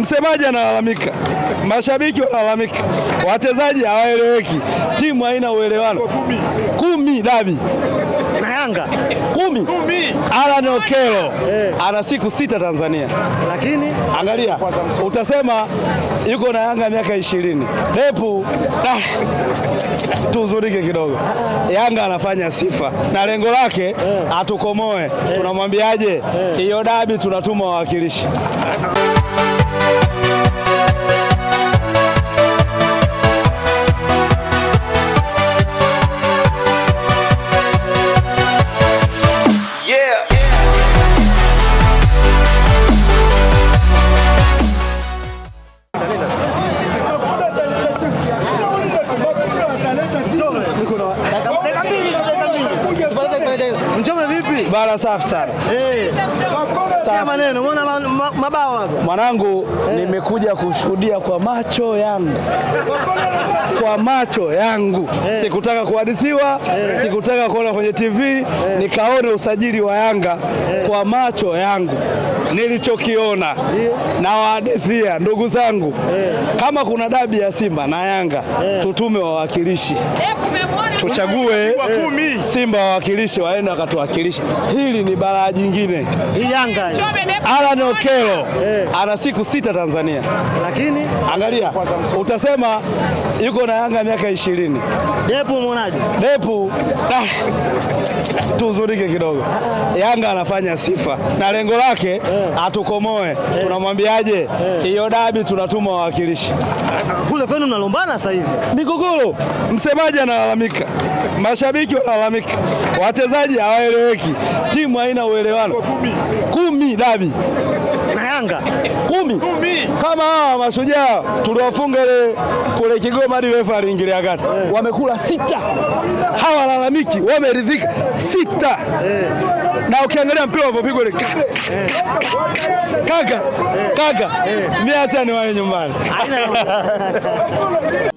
msemaji analalamika. mashabiki wanalalamika, wachezaji hawaeleweki, timu haina uelewano. Kumi dabi na Yanga kumi. Alan Okelo eh. ana siku sita Tanzania, lakini angalia, utasema yuko na Yanga miaka ishirini. Depu ah, tuzurike kidogo. Yanga anafanya sifa na lengo lake eh. atukomoe. Eh. Tunamwambiaje hiyo dabi? Tunatuma wawakilishi Bara safi sana. Eh. Maneno, unaona mabao hapo. Mwanangu, nimekuja kushuhudia kwa macho yangu. Kwa macho yangu. Sikutaka kuhadithiwa, sikutaka kuona kwenye TV, nikaona usajili wa Yanga kwa macho yangu nilichokiona nawahadithia ndugu zangu, kama kuna dabi ya Simba na Yanga tutume wawakilishi tuchague Simba wawakilishi waende wakatuwakilisha. Hili ni balaa jingine. Alan Okelo eh. ana siku sita Tanzania, lakini angalia, utasema yuko na Yanga miaka ishirini. Depu mwonaje? Depu ah, tuzurike kidogo, Yanga anafanya sifa na lengo lake eh. Eh. atukomoe. Eh. Tunamwambiaje eh. hiyo dabi? Tunatuma wawakilishi kule kwenu, mnalombana sasa hivi. Migogoro, msemaji analalamika mashabiki wanalalamika, wachezaji hawaeleweki, timu haina uelewano. Kumi dabi na Yanga kumi, kumi. Kama hawa mashujaa tuliwafunga ile kule Kigoma hadi refa aliingilia kati, eh. wamekula sita, hawalalamiki, wameridhika sita na ukiangalia mpira unavyopigwa ile kaka kaka, eh. mimi acha niwae nyumbani